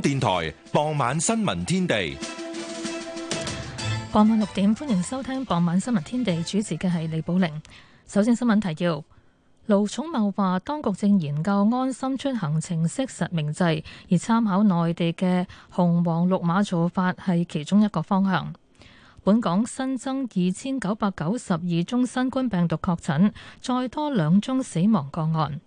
電台傍晚新聞天地，傍晚六點，歡迎收聽傍晚新聞天地，主持嘅係李寶玲。首先新聞提要，盧寵茂話，當局正研究安心出行程式實名制，而參考內地嘅紅黃綠碼做法係其中一個方向。本港新增二千九百九十二宗新冠病毒確診，再多兩宗死亡個案。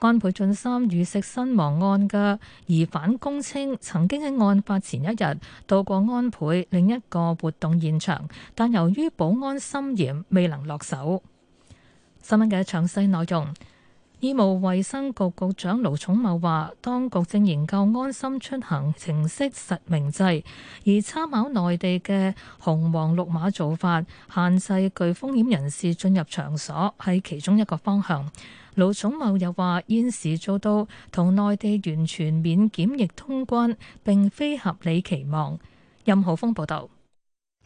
安倍晉三遇食身亡案嘅疑犯供稱，曾經喺案發前一日到過安倍另一個活動現場，但由於保安森嚴，未能落手。新聞嘅詳細內容，醫務衛生局局長盧寵茂話，當局正研究安心出行程式實名制，而參考內地嘅紅黃綠碼做法，限制具風險人士進入場所，係其中一個方向。盧寵茂又話：現時做到同內地完全免檢疫通關，並非合理期望。任浩峰報導。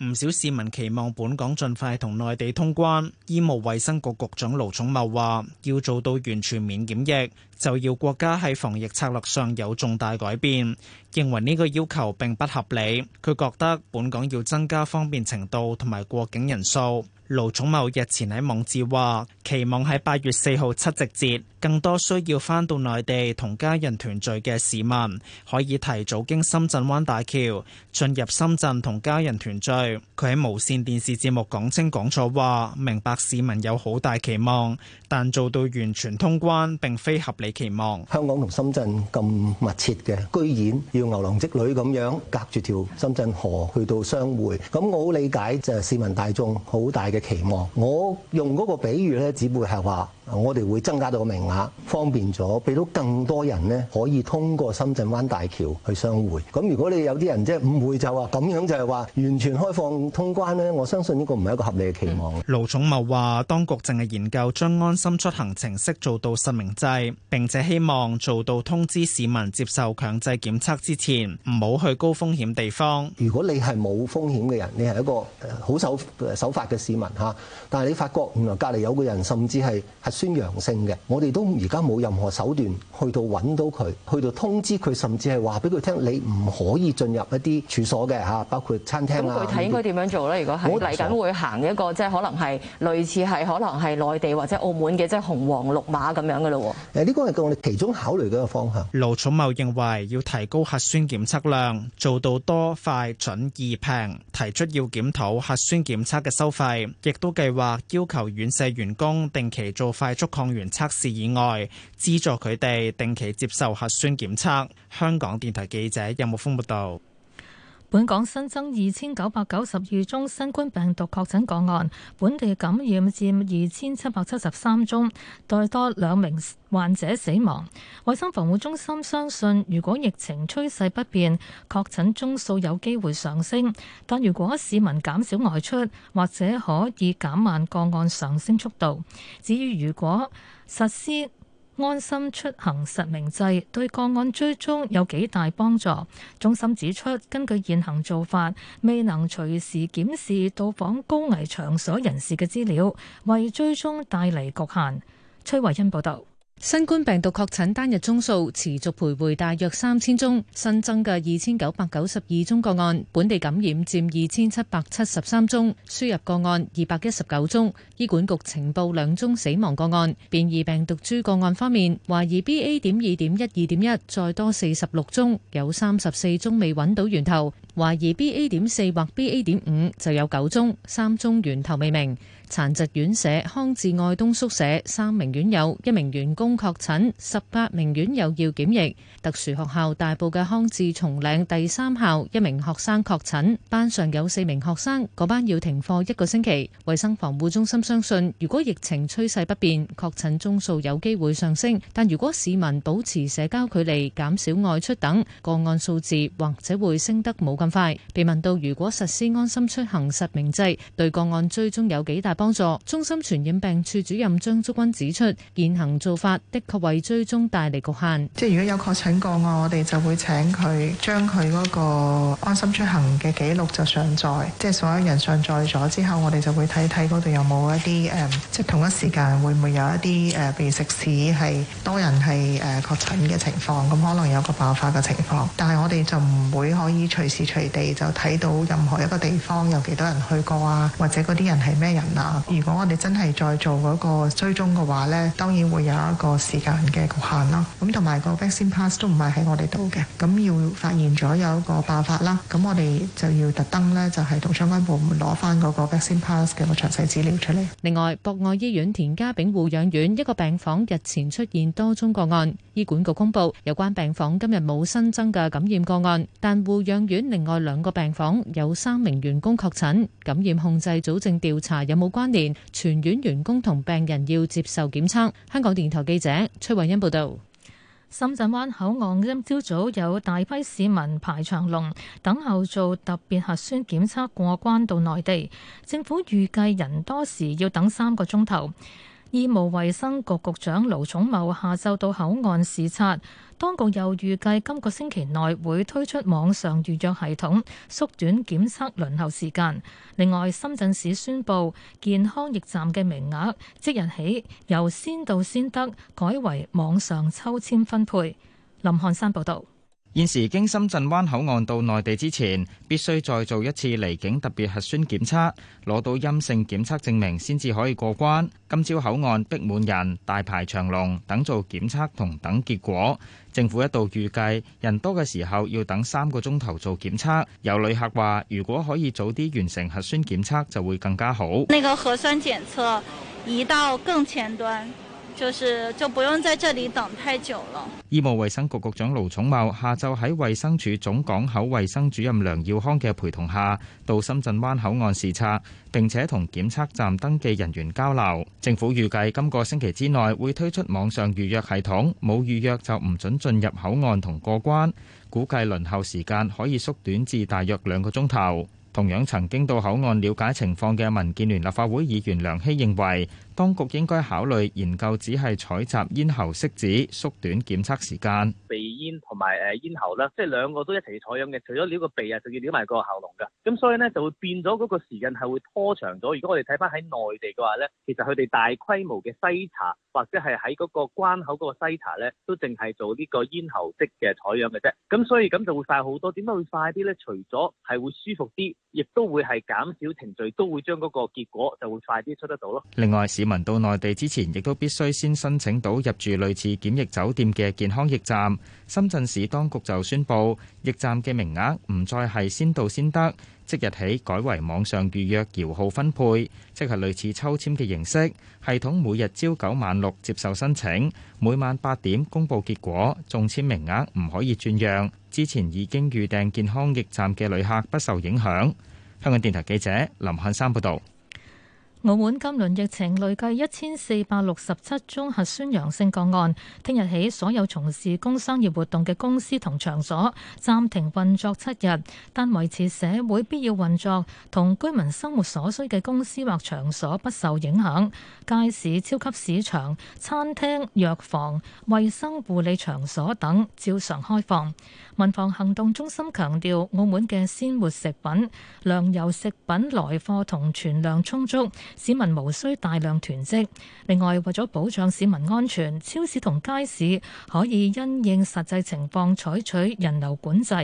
唔少市民期望本港盡快同內地通關。醫務衛生局局長盧寵茂話：要做到完全免檢疫，就要國家喺防疫策略上有重大改變，認為呢個要求並不合理。佢覺得本港要增加方便程度同埋過境人數。盧寵茂日前喺網誌話，期望喺八月四號七夕節，更多需要返到內地同家人團聚嘅市民，可以提早經深圳灣大橋進入深圳同家人團聚。佢喺無線電視節目講清講楚話，明白市民有好大期望，但做到完全通關並非合理。期望香港同深圳咁密切嘅，居然要牛郎織女咁樣隔住條深圳河去到相會，咁我好理解就係市民大眾好大嘅期望。我用嗰個比喻咧，只會係話，我哋會增加到個名額，方便咗，俾到更多人咧可以通過深圳灣大橋去相會，咁如果你有啲人即係唔會就話咁樣，就係話完全開放通關咧，我相信呢個唔係一個合理嘅期望。盧總茂話當局正係研究將安心出行程式做到實名制。並或者希望做到通知市民接受強制檢測之前，唔好去高風險地方。如果你係冇風險嘅人，你係一個好守守法嘅市民吓、啊，但係你發覺原來隔籬有個人，甚至係核酸陽性嘅，我哋都而家冇任何手段去到揾到佢，去到通知佢，甚至係話俾佢聽你唔可以進入一啲處所嘅吓、啊，包括餐廳咁，具體應該點樣做咧？如果我嚟緊會行一個即係可能係類似係可能係內地或者澳門嘅，即係紅黃綠碼咁樣嘅咯。誒呢個。我哋其中考慮嗰個方向。盧寵茂認為要提高核酸檢測量，做到多、快、準、易、平，提出要檢討核酸檢測嘅收費，亦都計劃要求院舍員工定期做快速抗原測試以外，資助佢哋定期接受核酸檢測。香港電台記者任木豐報道。本港新增二千九百九十二宗新冠病毒確診個案，本地感染佔二千七百七十三宗，再多兩名患者死亡。衛生防護中心相信，如果疫情趨勢不變，確診宗數有機會上升，但如果市民減少外出，或者可以減慢個案上升速度。至於如果實施安心出行實名制對個案追蹤有幾大幫助？中心指出，根據現行做法，未能隨時檢視到訪高危場所人士嘅資料，為追蹤帶嚟局限。崔慧欣報道。新冠病毒確診單日宗數持續徘徊大約三千宗，新增嘅二千九百九十二宗個案，本地感染佔二千七百七十三宗，輸入個案二百一十九宗。醫管局情報兩宗死亡個案。變異病毒株個案方面，懷疑 BA 點二點一二點一再多四十六宗，有三十四宗未搵到源頭。懷疑 BA 點四或 BA 點五就有九宗，三宗源頭未明。殘疾院舍匡智愛東宿舍三名院友、一名員工確診，十八名院友要檢疫。特殊學校大埔嘅匡智松嶺第三校一名學生確診，班上有四名學生，嗰班要停課一個星期。衛生防護中心相信，如果疫情趨勢不變，確診宗數有機會上升，但如果市民保持社交距離、減少外出等，個案數字或者會升得冇咁快。被問到如果實施安心出行實名制，對個案追蹤有幾大？幫助中心傳染病處主任張竹君指出，現行做法的確為追蹤帶嚟局限即。即係如果有確診個案，我哋就會請佢將佢嗰個安心出行嘅記錄就上載，即係所有人上載咗之後，我哋就會睇睇，嗰度有冇一啲誒、嗯、即係同一時間會唔會有一啲誒譬如食肆係多人係誒確診嘅情況，咁可能有個爆發嘅情況，但係我哋就唔會可以隨時隨地就睇到任何一個地方有幾多人去過啊，或者嗰啲人係咩人啊？啊！如果我哋真係再做嗰個追蹤嘅話咧，當然會有一個時間嘅局限啦。咁同埋個 vaccine pass 都唔係喺我哋度嘅，咁要發現咗有一個爆發啦，咁我哋就要特登咧，就係同相關部門攞翻嗰個 vaccine pass 嘅個詳細資料出嚟。另外，博愛醫院田家炳護養院一個病房日前出現多宗個案，醫管局公布有關病房今日冇新增嘅感染個案，但護養院另外兩個病房有三名員工確診，感染控制組正調查有冇關聯，全院員工同病人要接受檢測。香港電台記者崔慧欣報道：深圳灣口岸今朝早有大批市民排長龍，等候做特別核酸檢測過關到內地，政府預計人多時要等三個鐘頭。醫務衛生局局長盧寵茂下晝到口岸視察，當局又預計今個星期內會推出網上預約系統，縮短檢測輪候時間。另外，深圳市宣布健康驛站嘅名額即日起由先到先得改為網上抽籤分配。林漢山報導。現時經深圳灣口岸到內地之前，必須再做一次離境特別核酸檢測，攞到陰性檢測證明先至可以過關。今朝口岸逼滿人，大排長龍，等做檢測同等結果。政府一度預計，人多嘅時候要等三個鐘頭做檢測。有旅客話，如果可以早啲完成核酸檢測，就會更加好。呢個核酸檢測移到更前端。就是就不用在這裏等太久了。醫務衛生局局長盧寵茂下晝喺衛生署總港口衛生主任梁耀康嘅陪同下，到深圳灣口岸視察，並且同檢測站登記人員交流。政府預計今個星期之內會推出網上預約系統，冇預約就唔准進入口岸同過關。估計輪候時間可以縮短至大約兩個鐘頭。同樣曾經到口岸了解情況嘅民建聯立法會議員梁希認為。當局應該考慮研究只係採集咽喉拭子，縮短檢測時間。鼻咽同埋誒咽喉咧，即係兩個都一齊要採樣嘅。除咗撩個鼻啊，就要撩埋個喉嚨㗎。咁所以咧就會變咗嗰個時間係會拖長咗。如果我哋睇翻喺內地嘅話咧，其實佢哋大規模嘅篩查或者係喺嗰個關口嗰個篩查咧，都淨係做呢個咽喉拭嘅採樣嘅啫。咁所以咁就會快好多。點解會快啲咧？除咗係會舒服啲，亦都會係減少程序，都會將嗰個結果就會快啲出得到咯。另外市民到內地之前，亦都必須先申請到入住類似檢疫酒店嘅健康驛站。深圳市當局就宣布，驛站嘅名額唔再係先到先得，即日起改為網上預約搖號分配，即係類似抽籤嘅形式。系統每日朝九晚六接受申請，每晚八點公佈結果。中簽名額唔可以轉讓，之前已經預訂健康驛站嘅旅客不受影響。香港電台記者林漢山報道。澳門今輪疫情累計一千四百六十七宗核酸陽性個案。聽日起，所有從事工商業活動嘅公司同場所暫停運作七日，但維持社會必要運作同居民生活所需嘅公司或場所不受影響。街市、超級市場、餐廳、藥房、衛生護理場所等照常開放。民防行動中心強調，澳門嘅鮮活食品、糧油食品來貨同存量充足。市民無需大量囤積。另外，為咗保障市民安全，超市同街市可以因應實際情況採取人流管制，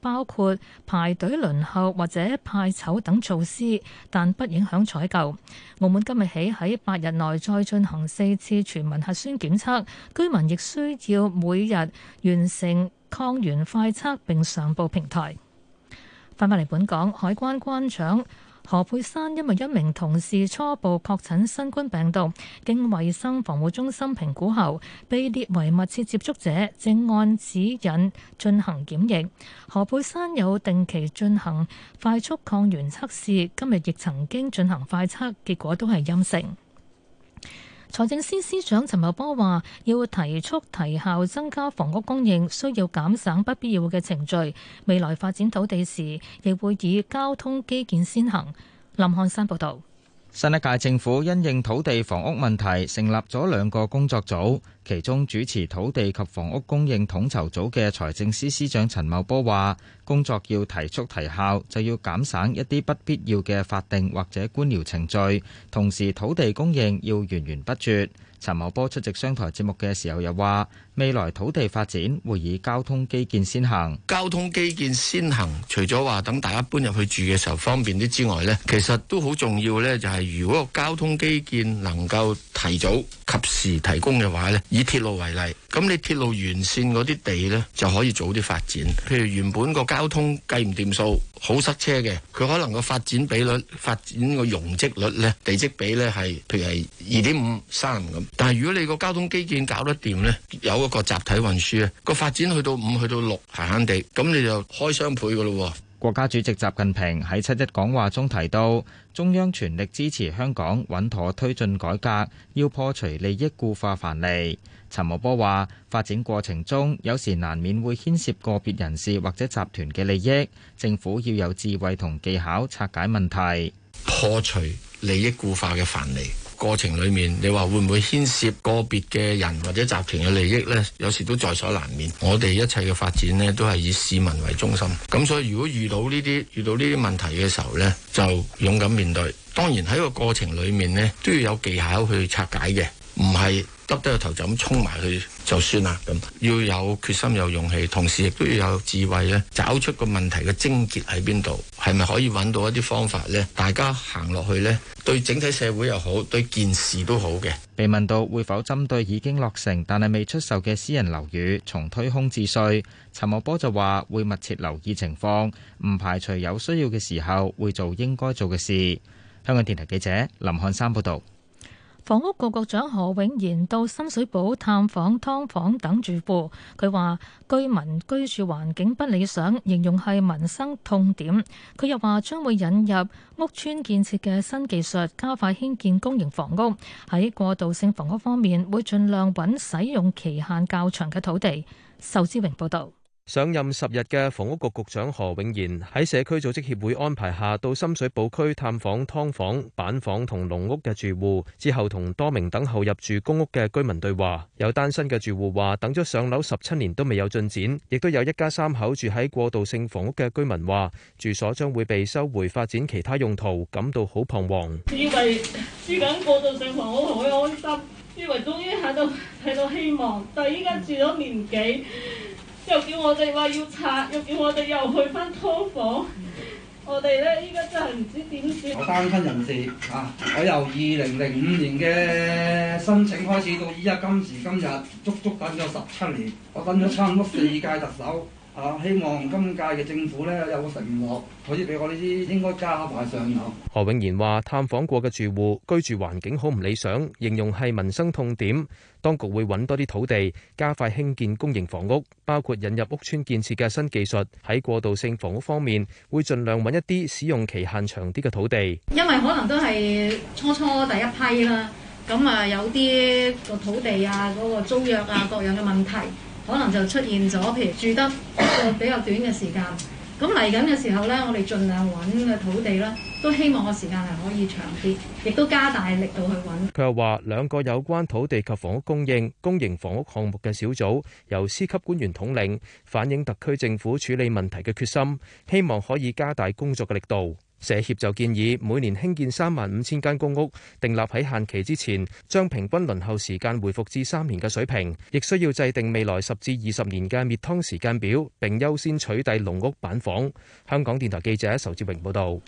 包括排隊輪候或者派籌等措施，但不影響採購。澳門今日起喺八日內再進行四次全民核酸檢測，居民亦需要每日完成抗原快測並上報平台。翻返嚟本港，海關關長。何佩珊因為一名同事初步確診新冠病毒，經衛生防護中心評估後，被列為密切接觸者，正按指引進行檢疫。何佩珊有定期進行快速抗原測試，今日亦曾經進行快測，結果都係陰性。財政司司長陳茂波話，要提速提效，增加房屋供應，需要減省不必要嘅程序。未來發展土地時，亦會以交通基建先行。林漢山報道。新一屆政府因應土地房屋問題，成立咗兩個工作組，其中主持土地及房屋供應統籌組嘅財政司司長陳茂波話，工作要提速提效，就要減省一啲不必要嘅法定或者官僚程序，同時土地供應要源源不絕。陳茂波出席商台節目嘅時候又話：未來土地發展會以交通基建先行，交通基建先行，除咗話等大家搬入去住嘅時候方便啲之外呢，其實都好重要呢，就係如果個交通基建能夠提早及時提供嘅話呢，以鐵路為例，咁你鐵路沿線嗰啲地呢，就可以早啲發展。譬如原本個交通計唔掂數，好塞車嘅，佢可能個發展比率、發展個容積率呢，地積比呢係，譬如係二點五三咁。但係如果你個交通基建搞得掂呢，有，個集體運輸啊，個發展去到五，去到六，閒閒哋，咁你就開雙倍噶咯。國家主席習近平喺七一講話中提到，中央全力支持香港穩妥推進改革，要破除利益固化藩籬。陳茂波話，發展過程中有時難免會牽涉個別人士或者集團嘅利益，政府要有智慧同技巧拆解問題，破除利益固化嘅藩籬。過程裏面，你話會唔會牽涉個別嘅人或者集團嘅利益呢？有時都在所難免。我哋一切嘅發展呢，都係以市民為中心。咁所以，如果遇到呢啲遇到呢啲問題嘅時候呢，就勇敢面對。當然喺個過程裏面呢，都要有技巧去拆解嘅。唔係耷低個頭就咁衝埋去就算啦，咁要有決心、有勇氣，同時亦都要有智慧咧，找出個問題嘅症結喺邊度，係咪可以揾到一啲方法咧？大家行落去咧，對整體社會又好，對件事都好嘅。被問到會否針對已經落成但係未出售嘅私人樓宇重推空置稅，陳茂波就話會密切留意情況，唔排除有需要嘅時候會做應該做嘅事。香港電台記者林漢山報道。房屋局局長何永賢到深水埗探訪㓥房等住戶，佢話居民居住環境不理想，形容係民生痛點。佢又話將會引入屋邨建設嘅新技術，加快興建公營房屋。喺過渡性房屋方面，會盡量揾使用期限較長嘅土地。仇志榮報道。上任十日嘅房屋局局長何永賢喺社區組織協會安排下，到深水埗區探訪劏房、板房同籠屋嘅住戶，之後同多名等候入住公屋嘅居民對話。有單身嘅住戶話，等咗上樓十七年都未有進展，亦都有一家三口住喺過渡性房屋嘅居民話，住所將會被收回發展其他用途，感到好彷徨。以為住緊過渡性房屋好開心，以為終於喺度睇到希望，但係依家住咗年幾。又叫我哋話要拆，又叫我哋又去翻劏房，我哋咧依家真係唔知點算。我單身人士嚇，我由二零零五年嘅申請開始到依家今時今日，足足等咗十七年，我等咗差唔多四屆特首。 希望今屆嘅政府有個承諾，好似俾我呢啲應該加快上樓。何永賢話：探訪過嘅住戶居住環境好唔理想，形容係民生痛點。當局會揾多啲土地，加快興建公營房屋，包括引入屋村建設嘅新技術，喺過渡性房屋方面會盡量揾一啲使用期限長啲嘅土地。因為可能都係初初第一批啦，咁啊有啲個土地啊、嗰個租約啊各樣嘅問題。可能就出現咗，譬如住得一個比較短嘅時間。咁嚟緊嘅時候呢，我哋盡量揾嘅土地啦，都希望個時間係可以長啲，亦都加大力度去揾。佢又話：兩個有關土地及房屋供應、公營房屋項目嘅小組，由司級官員統領，反映特區政府處理問題嘅決心，希望可以加大工作嘅力度。社協就建議每年興建三萬五千間公屋，訂立喺限期之前將平均輪候時間回復至三年嘅水平，亦需要制定未來十至二十年嘅滅劏時間表，並優先取締籠屋板房。香港電台記者仇志榮報導。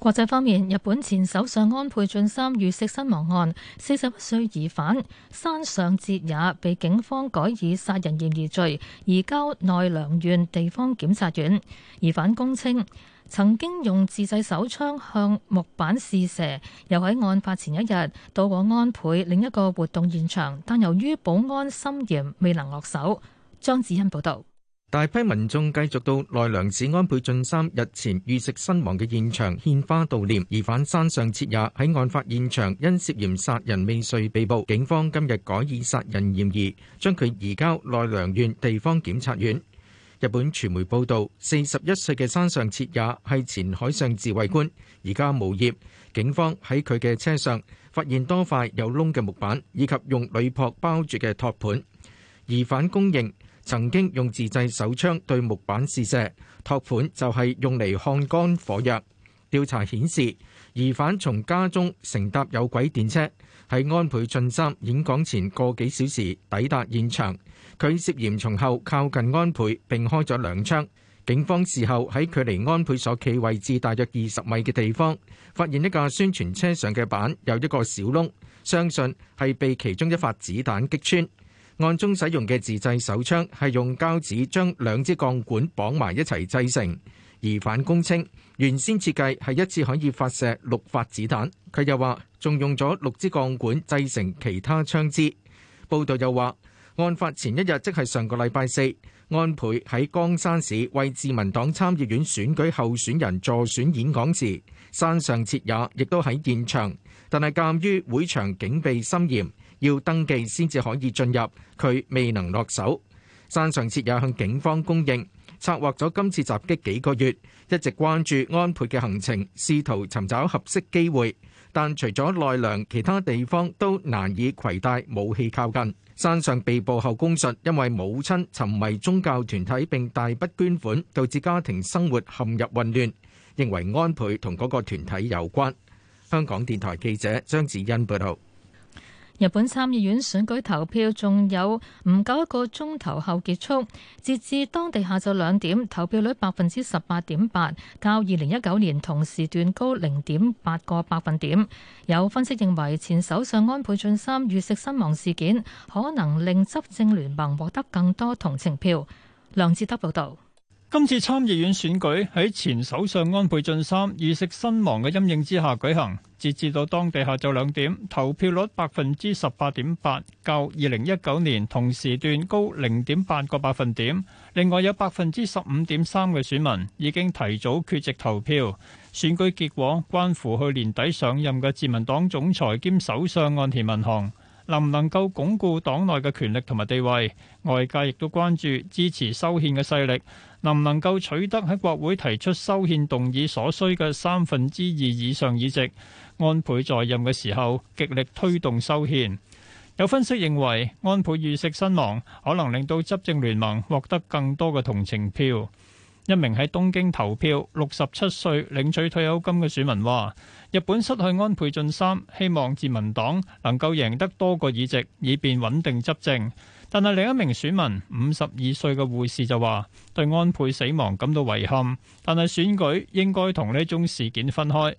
國際方面，日本前首相安倍晉三遇刺身亡案，四十一歲疑犯山上哲也被警方改以殺人嫌疑罪移交奈良縣地方檢察院。疑犯供稱，曾經用自製手槍向木板試射，又喺案發前一日到過安倍另一個活動現場，但由於保安森嚴，未能落手。張子欣報導。大批民眾繼續到奈良市安倍晉三日前遇刺身亡嘅現場獻花悼念，疑犯山上徹也喺案發現場因涉嫌殺人未遂被捕，警方今日改以殺人嫌疑將佢移交奈良縣地方檢察院。日本傳媒報導，四十一歲嘅山上徹也係前海上自衛官，而家無業。警方喺佢嘅車上發現多塊有窿嘅木板，以及用鋁箔包住嘅托盤。疑犯供認曾經用自製手槍對木板試射，托盤就係用嚟烘乾火藥。調查顯示，疑犯從家中乘搭有軌電車。喺安倍晉三演講前個幾小時抵達現場，佢涉嫌從後靠近安倍並開咗兩槍。警方事後喺距離安倍所企位置大約二十米嘅地方，發現一架宣傳車上嘅板有一個小窿，相信係被其中一發子彈擊穿。案中使用嘅自製手槍係用膠紙將兩支鋼管綁埋一齊製成。疑犯供稱。原先設計係一次可以發射六發子彈。佢又話仲用咗六支鋼管製成其他槍支。報道又話，案發前一日即係上個禮拜四，安倍喺江山市為自民黨參議院選舉候選人助選演講時，山上徹也亦都喺現場，但係鑑於會場警備森嚴，要登記先至可以進入，佢未能落手。山上徹也向警方供認。策劃咗今次襲擊幾個月，一直關注安倍嘅行程，試圖尋找合適機會。但除咗奈良，其他地方都難以攜帶武器靠近。山上被捕後供述，因為母親沉迷宗教團體並大筆捐款，導致家庭生活陷入混亂，認為安倍同嗰個團體有關。香港電台記者張子欣報道。日本參議院選舉投票仲有唔夠一個鐘頭後結束，截至當地下晝兩點，投票率百分之十八點八，較二零一九年同時段高零點八個百分點。有分析認為，前首相安倍晉三遇刺身亡事件可能令執政聯盟獲得更多同情票。梁志德報道。今次參議院選舉喺前首相安倍晉三遇刺身亡嘅陰影之下舉行，截至到當地下晝兩點投票率百分之十八點八，較二零一九年同時段高零點八個百分點，另外有百分之十五點三嘅選民已經提早缺席投票。選舉結果關乎去年底上任嘅自民黨總裁兼首相岸田文雄能唔能夠鞏固黨內嘅權力同埋地位。外界亦都關注支持修憲嘅勢力。能唔能夠取得喺國會提出修憲動議所需嘅三分之二以上議席？安倍在任嘅時候極力推動修憲。有分析認為，安倍遇刺身亡可能令到執政聯盟獲得更多嘅同情票。一名喺東京投票、六十七歲領取退休金嘅選民話，日本失去安倍晉三，希望自民黨能夠贏得多個議席，以便穩定執政。但係另一名選民，五十二歲嘅護士就話對安倍死亡感到遺憾，但係選舉應該同呢宗事件分開。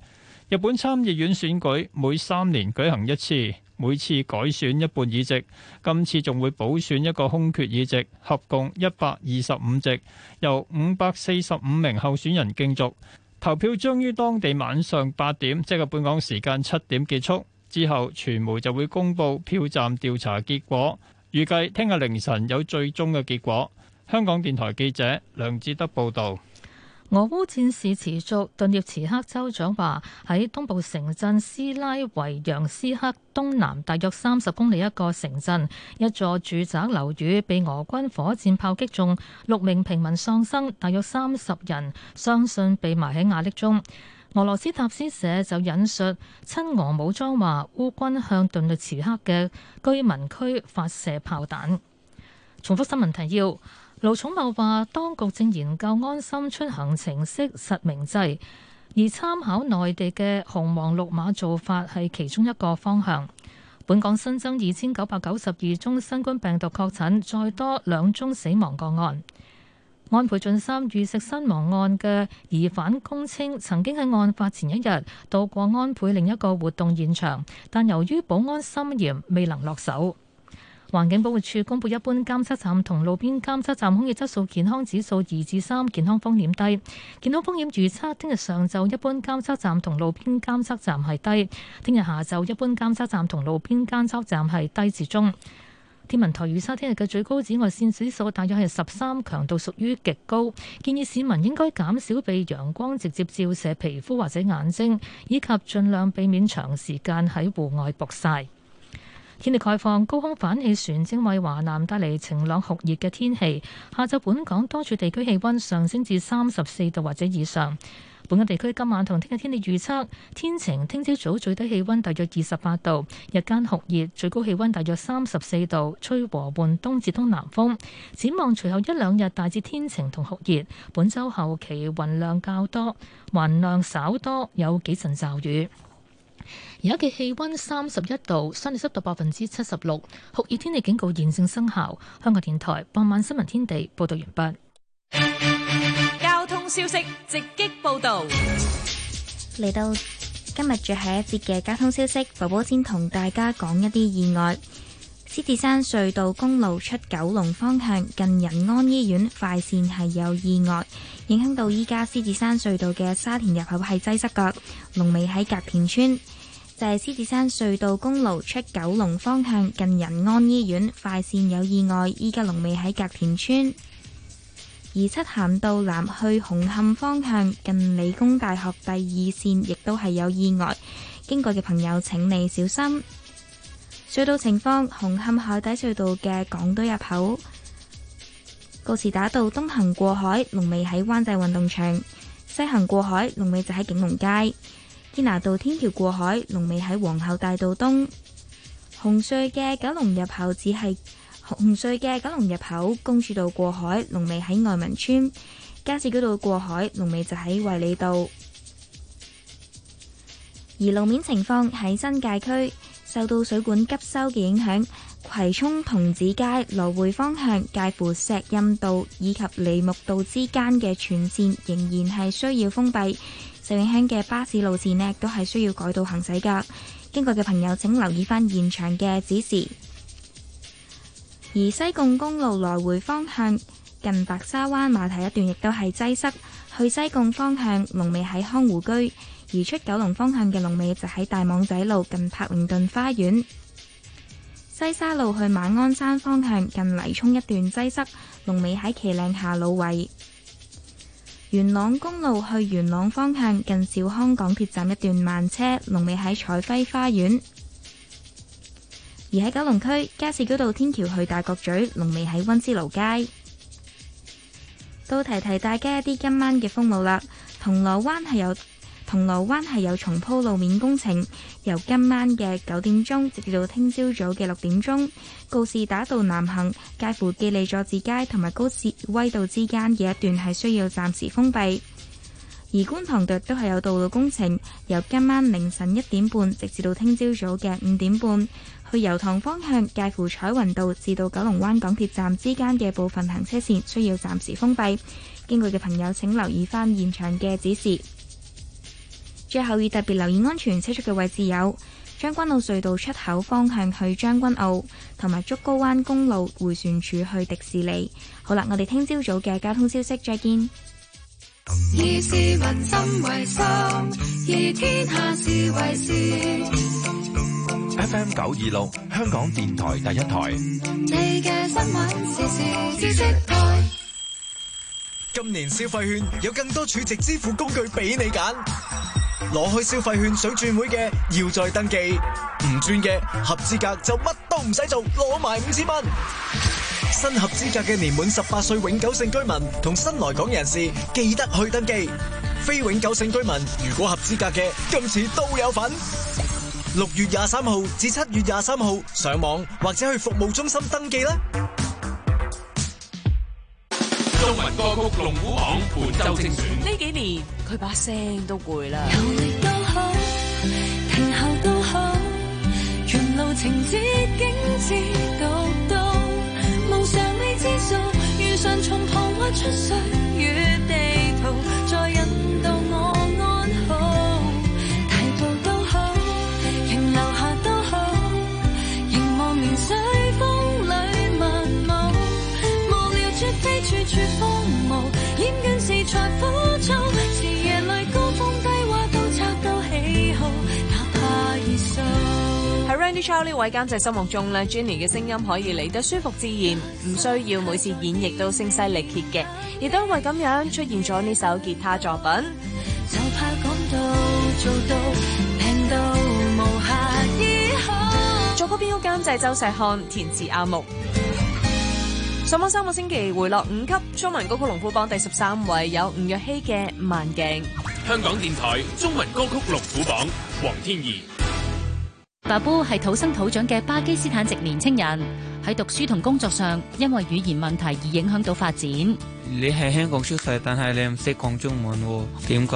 日本參議院選舉每三年舉行一次，每次改選一半議席，今次仲會補選一個空缺議席，合共一百二十五席，由五百四十五名候選人競逐。投票將於當地晚上八點即係、就是、本港時間七點結束，之後傳媒就會公布票站調查結果。預計聽日凌晨有最終嘅結果。香港電台記者梁志德報道。俄烏戰事持續。頓涅茨克州長話喺東部城鎮斯拉維揚斯克東南大約三十公里一個城鎮，一座住宅樓宇被俄軍火箭炮擊中，六名平民喪生，大約三十人相信被埋喺瓦礫中。俄羅斯塔斯社就引述親俄武裝話，烏軍向頓涅茨克嘅居民區發射炮彈。重複新聞提要：盧寵茂話，當局正研究安心出行程式實名制，而參考內地嘅紅黃綠碼做法係其中一個方向。本港新增二千九百九十二宗新冠病毒確診，再多兩宗死亡個案。安倍晉三遇刺身亡案嘅疑犯供稱曾經喺案發前一日到過安倍另一個活動現場，但由於保安森嚴未能落手。環境保護署公布，一般監測站同路邊監測站空氣質素健康指數二至三，健康風險低。健康風險預測，聽日上晝一般監測站同路邊監測站係低，聽日下晝一般監測站同路邊監測站係低至中。天文台預測聽日嘅最高紫外線指數大約係十三，強度屬於極高，建議市民應該減少被陽光直接照射皮膚或者眼睛，以及盡量避免長時間喺戶外曝曬。天氣概況，高空反氣旋正為華南帶嚟晴朗酷熱嘅天氣，下晝本港多處地區氣温上升至三十四度或者以上。本港地區今晚同聽日天氣預測，天晴，聽朝早最低氣温大約二十八度，日間酷熱，最高氣温大約三十四度，吹和緩東至東南風。展望隨後一兩日大致天晴同酷熱，本周後期雲量較多，雲量稍多，量少多有幾陣驟雨。而家嘅氣温三十一度，相對濕度百分之七十六，酷熱天氣警告現正生效。香港電台傍晚新聞天地報道完畢。消息直擊報道嚟到今日最後一節嘅交通消息，寶寶先同大家講一啲意外。獅子山隧道公路出九龍方向近仁安醫院快綫係有意外，影響到依家獅子山隧道嘅沙田入口係擠塞㗎，龍尾喺隔田村，就係、是、獅子山隧道公路出九龍方向近仁安醫院快綫有意外，依家龍尾喺隔田村。漆咸道南去紅磡方向，近理工大學第二線，亦都係有意外。經過嘅朋友，請你小心。隧道情況：紅磡海底隧道嘅港島入口，告士打道東行過海，龍尾喺灣仔運動場；西行過海，龍尾就喺景隆街。堅拿道天橋過海，龍尾喺皇后大道東。紅隧嘅九龍入口只係。紅隧嘅九龍入口，公主道過海龍尾喺愛民邨；加士居道過海龍尾就喺衛理道。而路面情況喺新界區受到水管急修嘅影響，葵涌桐子街來回方向介乎石蔭道以及梨木道之間嘅全線仍然係需要封閉，受影響嘅巴士路線呢都係需要改道行駛㗎。經過嘅朋友，請留意返現場嘅指示。而西貢公路來回方向近白沙灣碼頭一段亦都係擠塞，去西貢方向龍尾喺康湖居；而出九龍方向嘅龍尾就喺大網仔路近柏寧頓花園。西沙路去馬鞍山方向近泥涌一段擠塞，龍尾喺企嶺下老圍。元朗公路去元朗方向近兆康港鐵站一段慢車，龍尾喺彩輝花園。而喺九龍區加士居道天橋去大角咀，龍尾喺溫思勞街。都提提大家一啲今晚嘅封路啦。銅鑼灣係有銅鑼灣係有重鋪路面工程，由今晚嘅九點鐘直至到聽朝早嘅六點鐘，告士打道南行介乎記利佐治街同埋高士威道之間嘅一段係需要暫時封閉。而觀塘道都係有道路工程，由今晚凌晨一點半直至到聽朝早嘅五點半。去油塘方向介乎彩雲道至到九龍灣港鐵站之間嘅部分行車線需要暫時封閉，經過嘅朋友請留意翻現場嘅指示。最後要特別留意安全車速嘅位置有將軍澳隧道出口方向去將軍澳，同埋竹篙灣公路回旋處去迪士尼。好啦，我哋聽朝早嘅交通消息再見。以市民心為心，以天下事為事。FM 九二六，香港電台第一台。今年消費券有更多儲值支付工具俾你揀，攞開消費券想轉會嘅要再登記，唔轉嘅合資格就乜都唔使做，攞埋五千蚊。新合資格嘅年滿十八歲永久性居民同新來港人士記得去登記，非永久性居民如果合資格嘅今次都有份。六月廿三號至七月廿三號，上網或者去服務中心登記啦。中文歌曲《龍虎榜》本周精選。呢幾年佢把聲都攰啦。呢位監製心目中咧，Jenny 嘅聲音可以嚟得舒服自然，唔需要每次演繹都聲嘶力竭嘅。亦都因為咁樣出現咗呢首吉他作品。就怕講到，做到，聽到無限以後作曲編曲監製，周錫漢，填詞阿木。上榜三個星期回落五級，中文歌曲龍虎榜第十三位有吳若希嘅《眼鏡》。香港電台中文歌曲龍虎榜，黃天宜。爸布係土生土長嘅巴基斯坦籍年青人，喺讀書同工作上因為語言問題而影響到發展。你係香港出世，但係你唔識講中文